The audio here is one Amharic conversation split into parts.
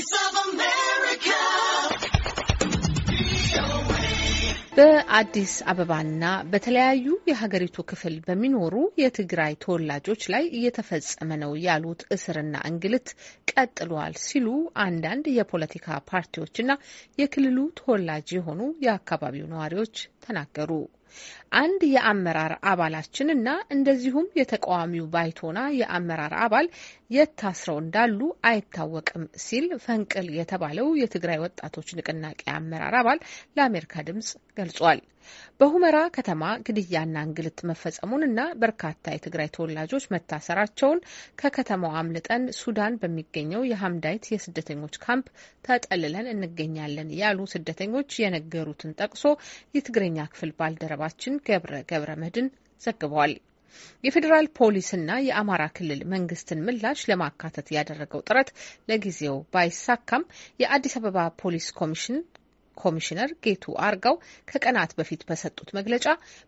Voice of America. በአዲስ አበባና በተለያዩ የሀገሪቱ ክፍል በሚኖሩ የትግራይ ተወላጆች ላይ እየተፈጸመ ነው ያሉት እስርና እንግልት ቀጥሏል ሲሉ አንዳንድ የፖለቲካ ፓርቲዎችና የክልሉ ተወላጅ የሆኑ የአካባቢው ነዋሪዎች ተናገሩ። አንድ የአመራር አባላችንና እንደዚሁም የተቃዋሚው ባይቶና የአመራር አባል የት ታስረው እንዳሉ አይታወቅም ሲል ፈንቅል የተባለው የትግራይ ወጣቶች ንቅናቄ አመራር አባል ለአሜሪካ ድምጽ ገልጿል። በሁመራ ከተማ ግድያና እንግልት እና በርካታ የትግራይ ተወላጆች መታሰራቸውን ከከተማው አምልጠን ሱዳን በሚገኘው የሀምዳይት የስደተኞች ካምፕ ተጠልለን እንገኛለን ያሉ ስደተኞች የነገሩትን ጠቅሶ የትግረኛ ክፍል ባልደረባችን ገብረ ገብረ መድን ዘግቧል። የፌዴራል ፖሊስና የአማራ ክልል መንግስትን ምላሽ ለማካተት ያደረገው ጥረት ለጊዜው ባይሳካም የአዲስ አበባ ፖሊስ ኮሚሽን ኮሚሽነር ጌቱ አርጋው ከቀናት በፊት በሰጡት መግለጫ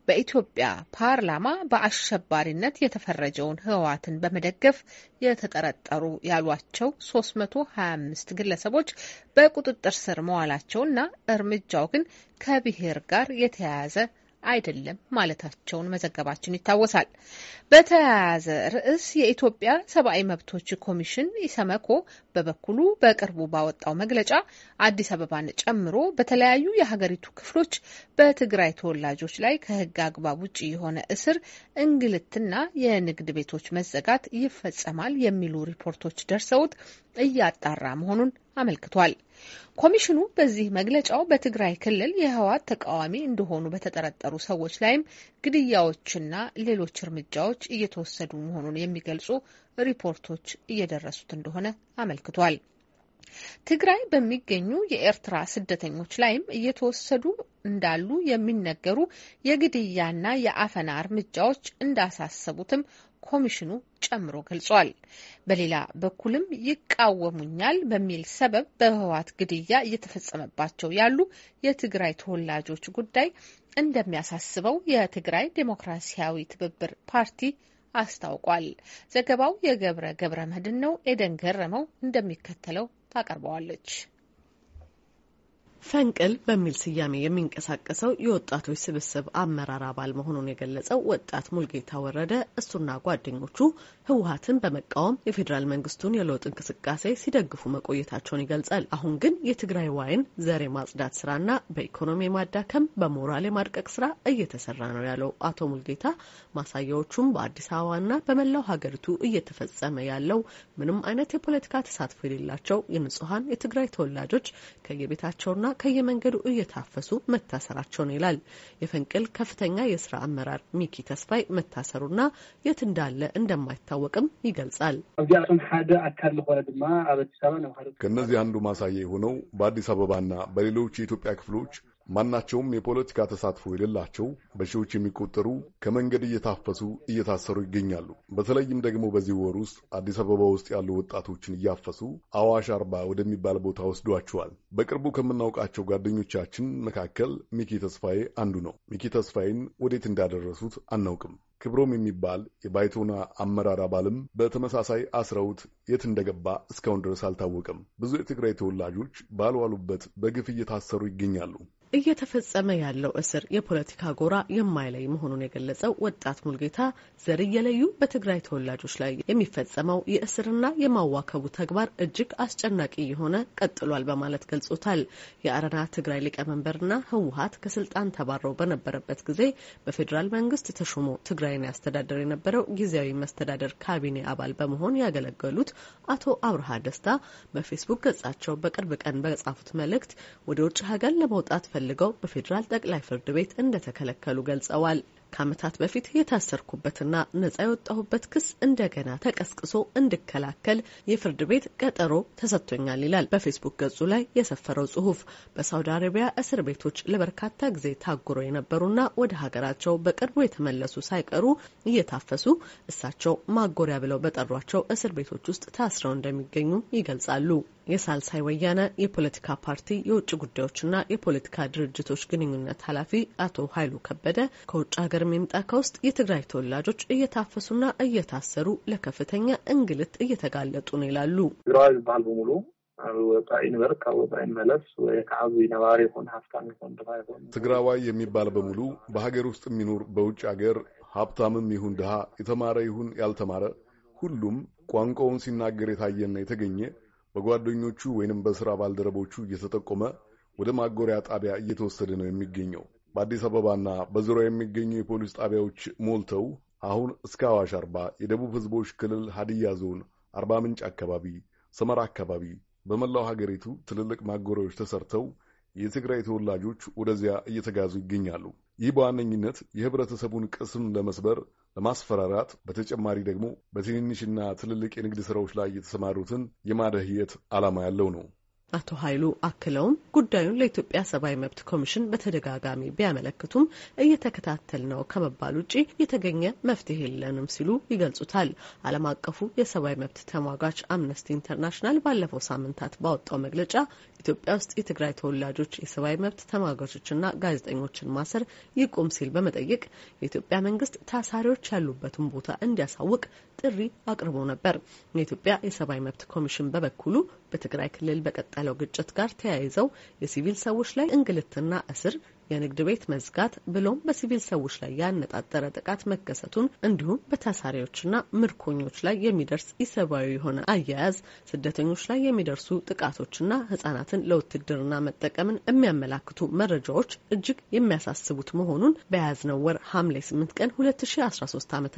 በኢትዮጵያ ፓርላማ በአሸባሪነት የተፈረጀውን ህወሓትን በመደገፍ የተጠረጠሩ ያሏቸው 325 ግለሰቦች በቁጥጥር ስር መዋላቸውና እርምጃው ግን ከብሔር ጋር የተያያዘ አይደለም ማለታቸውን መዘገባችን ይታወሳል። በተያያዘ ርዕስ የኢትዮጵያ ሰብአዊ መብቶች ኮሚሽን ኢሰመኮ በበኩሉ በቅርቡ ባወጣው መግለጫ አዲስ አበባን ጨምሮ በተለያዩ የሀገሪቱ ክፍሎች በትግራይ ተወላጆች ላይ ከህግ አግባብ ውጭ የሆነ እስር፣ እንግልትና የንግድ ቤቶች መዘጋት ይፈጸማል የሚሉ ሪፖርቶች ደርሰውት እያጣራ መሆኑን አመልክቷል። ኮሚሽኑ በዚህ መግለጫው በትግራይ ክልል የህወሓት ተቃዋሚ እንደሆኑ በተጠረጠሩ ሰዎች ላይም ግድያዎችና ሌሎች እርምጃዎች እየተወሰዱ መሆኑን የሚገልጹ ሪፖርቶች እየደረሱት እንደሆነ አመልክቷል። ትግራይ በሚገኙ የኤርትራ ስደተኞች ላይም እየተወሰዱ እንዳሉ የሚነገሩ የግድያና የአፈና እርምጃዎች እንዳሳሰቡትም ኮሚሽኑ ጨምሮ ገልጿል። በሌላ በኩልም ይቃወሙኛል በሚል ሰበብ በህወሓት ግድያ እየተፈጸመባቸው ያሉ የትግራይ ተወላጆች ጉዳይ እንደሚያሳስበው የትግራይ ዴሞክራሲያዊ ትብብር ፓርቲ አስታውቋል። ዘገባው የገብረ ገብረ መድን ነው። ኤደን ገረመው እንደሚከተለው ታቀርበዋለች። ፈንቅል በሚል ስያሜ የሚንቀሳቀሰው የወጣቶች ስብስብ አመራር አባል መሆኑን የገለጸው ወጣት ሙልጌታ ወረደ እሱና ጓደኞቹ ህወሀትን በመቃወም የፌዴራል መንግስቱን የለውጥ እንቅስቃሴ ሲደግፉ መቆየታቸውን ይገልጻል። አሁን ግን የትግራይ ዋይን ዘር የማጽዳት ስራና በኢኮኖሚ የማዳከም በሞራል የማድቀቅ ስራ እየተሰራ ነው ያለው አቶ ሙልጌታ ማሳያዎቹም በአዲስ አበባና በመላው ሀገሪቱ እየተፈጸመ ያለው ምንም አይነት የፖለቲካ ተሳትፎ የሌላቸው የንጹሀን የትግራይ ተወላጆች ከየቤታቸውና ከየመንገዱ እየታፈሱ ነው ይላል። የፈንቅል ከፍተኛ የስራ አመራር ሚኪ ተስፋይ መታሰሩና የት እንዳለ እንደማይታወቅም ይገልጻል። ከእነዚህ አንዱ ማሳያ የሆነው በአዲስ አበባና በሌሎች የኢትዮጵያ ክፍሎች ማናቸውም የፖለቲካ ተሳትፎ የሌላቸው በሺዎች የሚቆጠሩ ከመንገድ እየታፈሱ እየታሰሩ ይገኛሉ። በተለይም ደግሞ በዚህ ወር ውስጥ አዲስ አበባ ውስጥ ያሉ ወጣቶችን እያፈሱ አዋሽ አርባ ወደሚባል ቦታ ወስዷቸዋል። በቅርቡ ከምናውቃቸው ጓደኞቻችን መካከል ሚኪ ተስፋዬ አንዱ ነው። ሚኪ ተስፋዬን ወዴት እንዳደረሱት አናውቅም። ክብሮም የሚባል የባይቶና አመራር አባልም በተመሳሳይ አስረውት የት እንደገባ እስካሁን ድረስ አልታወቀም። ብዙ የትግራይ ተወላጆች ባልዋሉበት በግፍ እየታሰሩ ይገኛሉ። እየተፈጸመ ያለው እስር የፖለቲካ ጎራ የማይለይ መሆኑን የገለጸው ወጣት ሙልጌታ ዘር እየለዩ በትግራይ ተወላጆች ላይ የሚፈጸመው የእስርና የማዋከቡ ተግባር እጅግ አስጨናቂ የሆነ ቀጥሏል በማለት ገልጾታል። የአረና ትግራይ ሊቀመንበርና ህወሀት ከስልጣን ተባረው በነበረበት ጊዜ በፌዴራል መንግስት ተሾሞ ትግራይን ያስተዳደር የነበረው ጊዜያዊ መስተዳደር ካቢኔ አባል በመሆን ያገለገሉት አቶ አብርሃ ደስታ በፌስቡክ ገጻቸው በቅርብ ቀን በጻፉት መልእክት ወደ ውጭ ሀገር ለመውጣት ፈልገው በፌዴራል ጠቅላይ ፍርድ ቤት እንደተከለከሉ ገልጸዋል። ከዓመታት በፊት የታሰርኩበትና ነጻ የወጣሁበት ክስ እንደገና ተቀስቅሶ እንድከላከል የፍርድ ቤት ቀጠሮ ተሰጥቶኛል ይላል በፌስቡክ ገጹ ላይ የሰፈረው ጽሁፍ። በሳውዲ አረቢያ እስር ቤቶች ለበርካታ ጊዜ ታጉረው የነበሩና ወደ ሀገራቸው በቅርቡ የተመለሱ ሳይቀሩ እየታፈሱ እሳቸው ማጎሪያ ብለው በጠሯቸው እስር ቤቶች ውስጥ ታስረው እንደሚገኙ ይገልጻሉ። የሳልሳይ ወያነ የፖለቲካ ፓርቲ የውጭ ጉዳዮችና የፖለቲካ ድርጅቶች ግንኙነት ኃላፊ አቶ ኃይሉ ከበደ ከውጭ ሀገር ከርሜ ምጣካ ውስጥ የትግራይ ተወላጆች እየታፈሱና እየታሰሩ ለከፍተኛ እንግልት እየተጋለጡ ነው ይላሉ። ትግራዋይ ዝበሃል በሙሉ ኣብ ወፃኢ ንበር ካብ ወፃኢ መለስ ወይ ከዓ ነባሪ ይኹን ሃፍታም ይኹን ድኻ ይኹን ትግራዋይ የሚባል በሙሉ በሀገር ውስጥ የሚኖር በውጭ ሀገር ሀብታምም ይሁን ድሃ፣ የተማረ ይሁን ያልተማረ ሁሉም ቋንቋውን ሲናገር የታየና የተገኘ በጓደኞቹ ወይንም በስራ ባልደረቦቹ እየተጠቆመ ወደ ማጎሪያ ጣቢያ እየተወሰደ ነው የሚገኘው። በአዲስ አበባና በዙሪያ የሚገኙ የፖሊስ ጣቢያዎች ሞልተው አሁን እስከ አዋሽ አርባ የደቡብ ህዝቦች ክልል ሀዲያ ዞን አርባ ምንጭ አካባቢ፣ ሰመራ አካባቢ በመላው ሀገሪቱ ትልልቅ ማጎሪያዎች ተሰርተው የትግራይ ተወላጆች ወደዚያ እየተጋዙ ይገኛሉ። ይህ በዋነኝነት የህብረተሰቡን ቅስም ለመስበር ለማስፈራራት፣ በተጨማሪ ደግሞ በትንንሽና ትልልቅ የንግድ ስራዎች ላይ የተሰማሩትን የማደህየት ዓላማ ያለው ነው። አቶ ኃይሉ አክለውም ጉዳዩን ለኢትዮጵያ ሰብአዊ መብት ኮሚሽን በተደጋጋሚ ቢያመለክቱም እየተከታተል ነው ከመባል ውጭ የተገኘ መፍትሄ የለንም ሲሉ ይገልጹታል። ዓለም አቀፉ የሰብአዊ መብት ተሟጋች አምነስቲ ኢንተርናሽናል ባለፈው ሳምንታት ባወጣው መግለጫ ኢትዮጵያ ውስጥ የትግራይ ተወላጆች የሰብአዊ መብት ተሟጋቾችና ጋዜጠኞችን ማሰር ይቁም ሲል በመጠየቅ የኢትዮጵያ መንግስት ታሳሪዎች ያሉበትን ቦታ እንዲያሳውቅ ጥሪ አቅርቦ ነበር። የኢትዮጵያ የሰብአዊ መብት ኮሚሽን በበኩሉ በትግራይ ክልል በቀጠለው ግጭት ጋር ተያይዘው የሲቪል ሰዎች ላይ እንግልትና እስር የንግድ ቤት መዝጋት ብሎም በሲቪል ሰዎች ላይ ያነጣጠረ ጥቃት መከሰቱን እንዲሁም በታሳሪዎችና ምርኮኞች ላይ የሚደርስ ኢሰብአዊ የሆነ አያያዝ፣ ስደተኞች ላይ የሚደርሱ ጥቃቶችና ህጻናትን ለውትድርና መጠቀምን የሚያመላክቱ መረጃዎች እጅግ የሚያሳስቡት መሆኑን በያዝነው ወር ሐምሌ 8 ቀን 2013 ዓ ም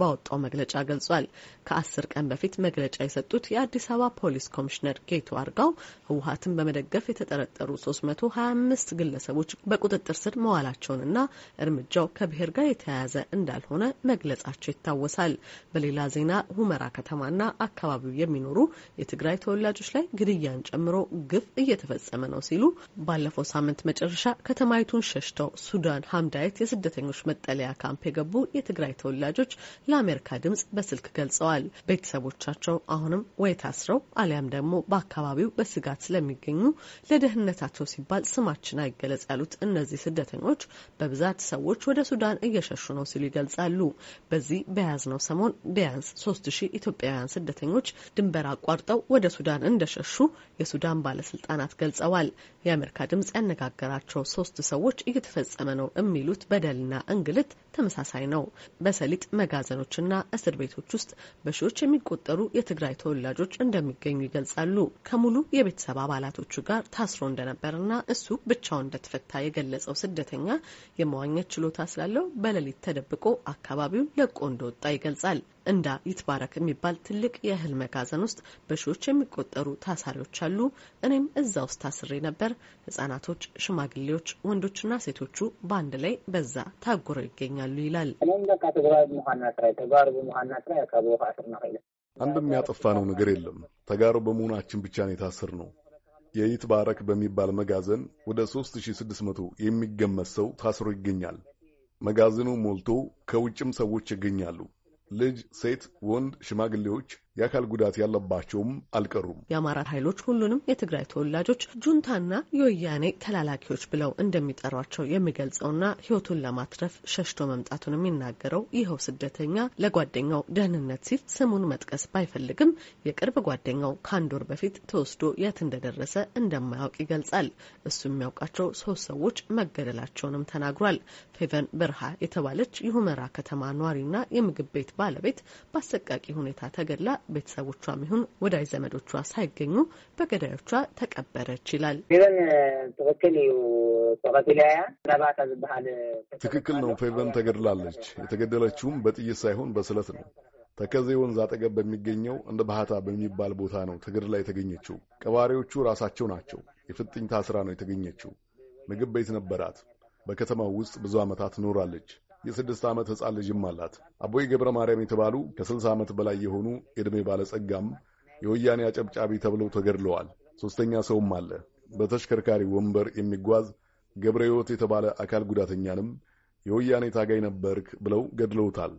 ባወጣው መግለጫ ገልጿል። ከአስር ቀን በፊት መግለጫ የሰጡት የአዲስ አበባ ፖሊስ ኮሚሽነር ጌቱ አርጋው ህወሀትን በመደገፍ የተጠረጠሩ 325 ግለሰቦች በቁጥጥር በቁጥጥር ስር መዋላቸውንና እርምጃው ከብሔር ጋር የተያያዘ እንዳልሆነ መግለጻቸው ይታወሳል። በሌላ ዜና ሁመራ ከተማና አካባቢው የሚኖሩ የትግራይ ተወላጆች ላይ ግድያን ጨምሮ ግፍ እየተፈጸመ ነው ሲሉ ባለፈው ሳምንት መጨረሻ ከተማይቱን ሸሽተው ሱዳን ሀምዳየት የስደተኞች መጠለያ ካምፕ የገቡ የትግራይ ተወላጆች ለአሜሪካ ድምጽ በስልክ ገልጸዋል። ቤተሰቦቻቸው አሁንም ወይ ታስረው አሊያም ደግሞ በአካባቢው በስጋት ስለሚገኙ ለደህንነታቸው ሲባል ስማችን አይገለጽ ያሉት እነ እነዚህ ስደተኞች በብዛት ሰዎች ወደ ሱዳን እየሸሹ ነው ሲሉ ይገልጻሉ። በዚህ በያዝነው ሰሞን ቢያንስ ሶስት ሺህ ኢትዮጵያውያን ስደተኞች ድንበር አቋርጠው ወደ ሱዳን እንደሸሹ የሱዳን ባለስልጣናት ገልጸዋል። የአሜሪካ ድምጽ ያነጋገራቸው ሶስት ሰዎች እየተፈጸመ ነው የሚሉት በደልና እንግልት ተመሳሳይ ነው። በሰሊጥ መጋዘኖችና እስር ቤቶች ውስጥ በሺዎች የሚቆጠሩ የትግራይ ተወላጆች እንደሚገኙ ይገልጻሉ። ከሙሉ የቤተሰብ አባላቶቹ ጋር ታስሮ እንደነበርና እሱ ብቻውን እንደተፈታ የገለ የገለጸው ስደተኛ የመዋኘት ችሎታ ስላለው በሌሊት ተደብቆ አካባቢውን ለቆ እንደወጣ ይገልጻል። እንዳ ይትባረክ የሚባል ትልቅ የእህል መጋዘን ውስጥ በሺዎች የሚቆጠሩ ታሳሪዎች አሉ። እኔም እዛ ውስጥ ታስሬ ነበር። ህጻናቶች፣ ሽማግሌዎች፣ ወንዶችና ሴቶቹ በአንድ ላይ በዛ ታጉረው ይገኛሉ ይላል። የሚያጠፋ ነው ነገር የለም። ተጋሩ በመሆናችን ብቻ ነው ነው። የይትባረክ በሚባል መጋዘን ወደ 3600 የሚገመት ሰው ታስሮ ይገኛል። መጋዘኑ ሞልቶ ከውጭም ሰዎች ይገኛሉ። ልጅ፣ ሴት፣ ወንድ፣ ሽማግሌዎች የአካል ጉዳት ያለባቸውም አልቀሩም። የአማራ ኃይሎች ሁሉንም የትግራይ ተወላጆች ጁንታና የወያኔ ተላላኪዎች ብለው እንደሚጠሯቸው የሚገልጸውና ሕይወቱን ለማትረፍ ሸሽቶ መምጣቱን የሚናገረው ይኸው ስደተኛ ለጓደኛው ደህንነት ሲል ስሙን መጥቀስ ባይፈልግም የቅርብ ጓደኛው ከአንድ ወር በፊት ተወስዶ የት እንደደረሰ እንደማያውቅ ይገልጻል። እሱ የሚያውቃቸው ሶስት ሰዎች መገደላቸውንም ተናግሯል። ፌቨን በርሃ የተባለች የሁመራ ከተማ ኗሪና የምግብ ቤት ባለቤት በአሰቃቂ ሁኔታ ተገድላ ቤተሰቦቿም ይሁን ወዳጅ ዘመዶቿ ሳይገኙ በገዳዮቿ ተቀበረች ይላል። ትክክል ነው። ፌቨን ተገድላለች። የተገደለችውም በጥይት ሳይሆን በስለት ነው። ተከዜ ወንዝ አጠገብ በሚገኘው እንደ ባህታ በሚባል ቦታ ነው ተገድላ የተገኘችው። ቀባሪዎቹ ራሳቸው ናቸው። የፍጥኝ ታስራ ነው የተገኘችው። ምግብ ቤት ነበራት። በከተማው ውስጥ ብዙ ዓመታት ኖራለች። የስድስት ዓመት ሕፃን ልጅም አላት። አቦይ ገብረ ማርያም የተባሉ ከስልሳ ዓመት በላይ የሆኑ ዕድሜ ባለጸጋም የወያኔ አጨብጫቢ ተብለው ተገድለዋል። ሦስተኛ ሰውም አለ። በተሽከርካሪ ወንበር የሚጓዝ ገብረ ሕይወት የተባለ አካል ጉዳተኛንም የወያኔ ታጋይ ነበርክ ብለው ገድለውታል።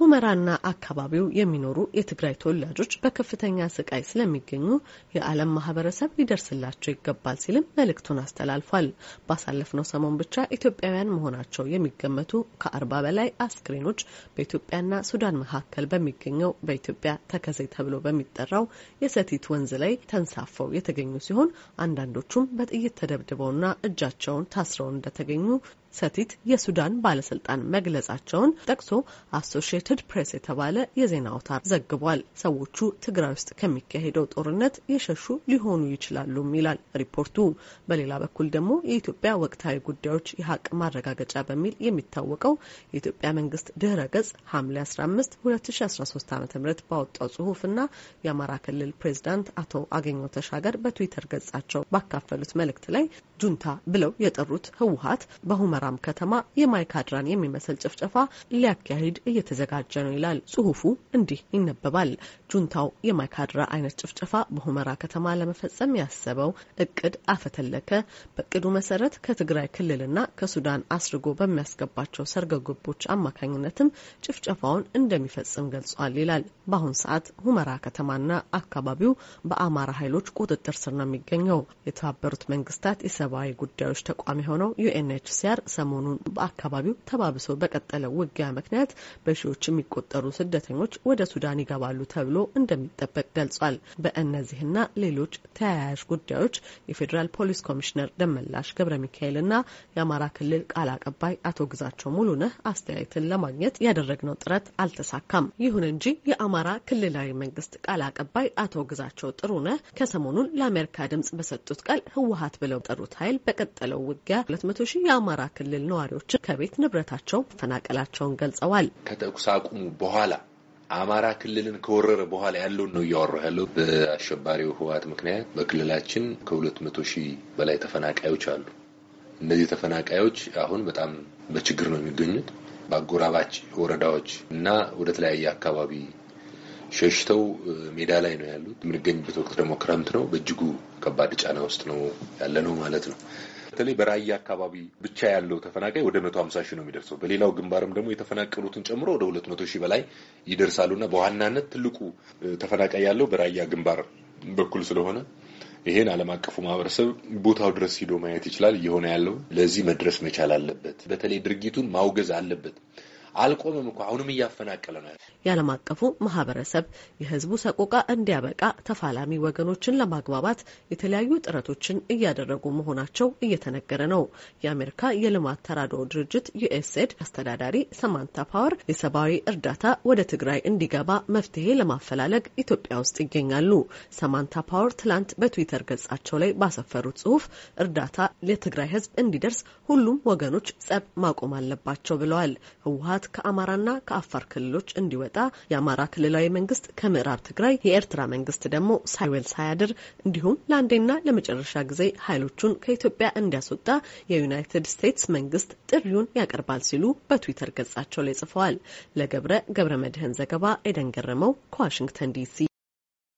ሁመራና አካባቢው የሚኖሩ የትግራይ ተወላጆች በከፍተኛ ስቃይ ስለሚገኙ የዓለም ማህበረሰብ ሊደርስላቸው ይገባል ሲልም መልእክቱን አስተላልፏል። ባሳለፍነው ሰሞን ብቻ ኢትዮጵያውያን መሆናቸው የሚገመቱ ከአርባ በላይ አስክሬኖች በኢትዮጵያና ሱዳን መካከል በሚገኘው በኢትዮጵያ ተከዜ ተብሎ በሚጠራው የሰቲት ወንዝ ላይ ተንሳፈው የተገኙ ሲሆን አንዳንዶቹም በጥይት ተደብድበውና እጃቸውን ታስረው እንደተገኙ ሰቲት የሱዳን ባለስልጣን መግለጻቸውን ጠቅሶ አሶሺየትድ ፕሬስ የተባለ የዜና አውታር ዘግቧል። ሰዎቹ ትግራይ ውስጥ ከሚካሄደው ጦርነት የሸሹ ሊሆኑ ይችላሉም ይላል ሪፖርቱ። በሌላ በኩል ደግሞ የኢትዮጵያ ወቅታዊ ጉዳዮች የሀቅ ማረጋገጫ በሚል የሚታወቀው የኢትዮጵያ መንግስት ድህረ ገጽ ሐምሌ 15 2013 ዓ ም ባወጣው ጽሁፍና የአማራ ክልል ፕሬዚዳንት አቶ አገኘው ተሻገር በትዊተር ገጻቸው ባካፈሉት መልእክት ላይ ጁንታ ብለው የጠሩት ህወሀት በሁማ በሰመራም ከተማ የማይካድራን የሚመስል ጭፍጨፋ ሊያካሂድ እየተዘጋጀ ነው ይላል ጽሁፉ። እንዲህ ይነበባል። ጁንታው የማይካድራ አይነት ጭፍጨፋ በሁመራ ከተማ ለመፈጸም ያሰበው እቅድ አፈተለከ። በእቅዱ መሰረት ከትግራይ ክልልና ከሱዳን አስርጎ በሚያስገባቸው ሰርገ ገቦች አማካኝነትም ጭፍጨፋውን እንደሚፈጽም ገልጿል ይላል። በአሁን ሰዓት ሁመራ ከተማና አካባቢው በአማራ ኃይሎች ቁጥጥር ስር ነው የሚገኘው። የተባበሩት መንግስታት የሰብአዊ ጉዳዮች ተቋም የሆነው ዩኤንኤችሲአር ሰሞኑን በአካባቢው ተባብሶ በቀጠለው ውጊያ ምክንያት በሺዎች የሚቆጠሩ ስደተኞች ወደ ሱዳን ይገባሉ ተብሎ እንደሚጠበቅ ገልጿል። በእነዚህና ሌሎች ተያያዥ ጉዳዮች የፌዴራል ፖሊስ ኮሚሽነር ደመላሽ ገብረ ሚካኤልና የአማራ ክልል ቃል አቀባይ አቶ ግዛቸው ሙሉነህ አስተያየትን ለማግኘት ያደረግነው ጥረት አልተሳካም። ይሁን እንጂ የአማራ ክልላዊ መንግስት ቃል አቀባይ አቶ ግዛቸው ጥሩነህ ከሰሞኑን ለአሜሪካ ድምጽ በሰጡት ቃል ህወሀት ብለው ጠሩት ኃይል በቀጠለው ውጊያ 200 ሺህ የአማራ ክልል ነዋሪዎች ከቤት ንብረታቸው መፈናቀላቸውን ገልጸዋል። ከተኩስ አቁሙ በኋላ አማራ ክልልን ከወረረ በኋላ ያለውን ነው እያወራ ያለው። በአሸባሪው ህወሓት ምክንያት በክልላችን ከሁለት መቶ ሺህ በላይ ተፈናቃዮች አሉ። እነዚህ ተፈናቃዮች አሁን በጣም በችግር ነው የሚገኙት። በአጎራባች ወረዳዎች እና ወደ ተለያየ አካባቢ ሸሽተው ሜዳ ላይ ነው ያሉት። የምንገኝበት ወቅት ደግሞ ክረምት ነው። በእጅጉ ከባድ ጫና ውስጥ ነው ያለ ነው ማለት ነው። በተለይ በራያ አካባቢ ብቻ ያለው ተፈናቃይ ወደ መቶ ሀምሳ ሺህ ነው የሚደርሰው። በሌላው ግንባርም ደግሞ የተፈናቀሉትን ጨምሮ ወደ ሁለት መቶ ሺህ በላይ ይደርሳሉና በዋናነት ትልቁ ተፈናቃይ ያለው በራያ ግንባር በኩል ስለሆነ ይሄን ዓለም አቀፉ ማህበረሰብ ቦታው ድረስ ሂዶ ማየት ይችላል። እየሆነ ያለው ለዚህ መድረስ መቻል አለበት። በተለይ ድርጊቱን ማውገዝ አለበት። አልቆምም እኮ አሁንም እያፈናቀለ ነው። የዓለም አቀፉ ማህበረሰብ የህዝቡ ሰቆቃ እንዲያበቃ ተፋላሚ ወገኖችን ለማግባባት የተለያዩ ጥረቶችን እያደረጉ መሆናቸው እየተነገረ ነው። የአሜሪካ የልማት ተራድኦ ድርጅት ዩኤስኤድ አስተዳዳሪ ሰማንታ ፓወር የሰብአዊ እርዳታ ወደ ትግራይ እንዲገባ መፍትሄ ለማፈላለግ ኢትዮጵያ ውስጥ ይገኛሉ። ሰማንታ ፓወር ትላንት በትዊተር ገጻቸው ላይ ባሰፈሩት ጽሁፍ እርዳታ ለትግራይ ህዝብ እንዲደርስ ሁሉም ወገኖች ጸብ ማቆም አለባቸው ብለዋል። ህወሀት ስርዓት ከአማራና ከአፋር ክልሎች እንዲወጣ የአማራ ክልላዊ መንግስት ከምዕራብ ትግራይ፣ የኤርትራ መንግስት ደግሞ ሳይወል ሳያድር እንዲሁም ለአንዴና ለመጨረሻ ጊዜ ኃይሎቹን ከኢትዮጵያ እንዲያስወጣ የዩናይትድ ስቴትስ መንግስት ጥሪውን ያቀርባል ሲሉ በትዊተር ገጻቸው ላይ ጽፈዋል። ለገብረ ገብረ መድህን ዘገባ ኤደን ገረመው ከዋሽንግተን ዲሲ